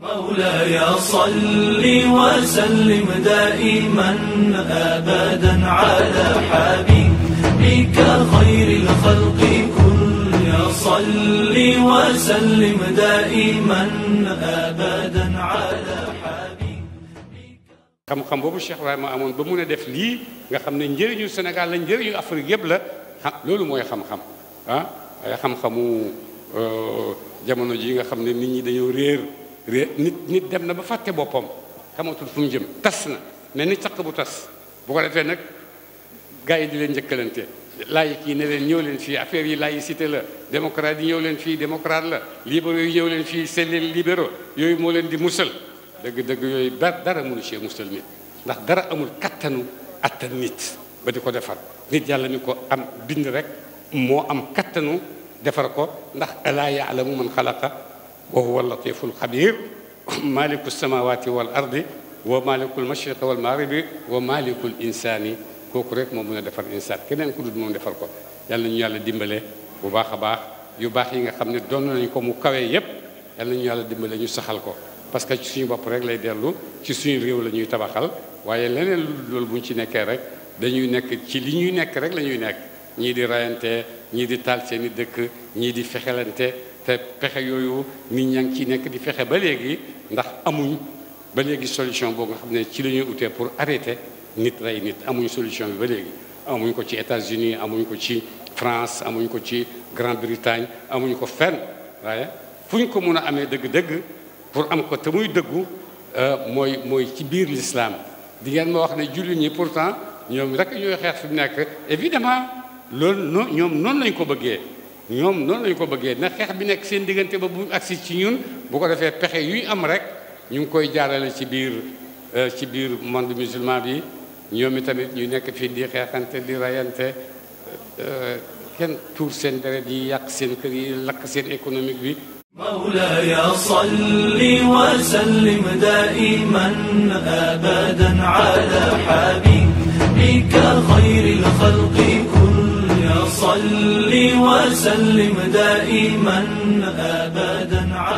مولاي صل وسلم دائما ابدا على حبيبك خير الخلق كل صل وسلم دائما ابدا على xam-xam bobu Cheikh Ibrahima amoon ba mun def li nga xamne ne njëriñu Sénégal la njëriñu Afrique yeb la lolu moy xam-xam ha ay xam-xamu euh jamono ji nga xamne nit ñi dañu réer nit nit dem na ba fàtte boppam xamatul fu mu jëm tas na mais ni caq bu tas bu ko defee nag gars yi di leen njëkkalante laay yi ne leen ñëw leen fii affaire yi laïcité la démocrate yi ñëw leen fii démocrate la libéraux yi ñëw leen fii c'est les libéraux yooyu moo leen di musal dëgg-dëgg yooyu dara mënu ci musal mi ndax dara amul kattanu attan nit ba di ko defar nit yàlla mi ko am bind rek moo am kattanu defar ko ndax alaa yaalamu man xalaqa وهو اللطيف الخبير مالك السماوات والارض ومالك المشرق والمغرب ومالك الانسان كوكريك مو دفر الانسان كنن كود مو دفر كو يالا نيو يالا ديمبالي بو باخا باخ يو باخ ييغا خامني دون نانكو مو كاوي ييب يالا نيو يالا ديمبالي نيو سخال كو باسكو سيني بوب ريك لاي ديلو سي سيني ريو لا نيو تباخال وايي لنين لول بونتي نيكي ريك دانيو نيك سي لي نيو نيك ريك لا نيو نيك ni di rayante ñi di taal ni dëkk ñi di nit nekk di ba ndax amuñ ba solution boobu nga ne ci pour arrêter solution ba États-Unis amuñ ko France amuñ ko Grande-Bretagne amuñ ko fenn waaye fuñ ko pour am ko muy euh, l'islam di wax ne ñi pourtant ñoom rek évidemment loolu noonu ñoom noonu lañ ko bëggee ñoom noonu lañ ko bëggee na xeex bi nekk seen diggante ba bu agsi ci ñun bu ko defee pexe yuy am rek ñu ngi koy jaarale ci biir ci biir monde musulman bi ñoom itamit ñu nekk fii di xeexante di rayante kenn tuur seen deret yi yàq seen kër yi lakk seen économique bi مولاي صل وسلم دائما ابدا على حبيبك خير الخلق صل وسلم دائما أبدا على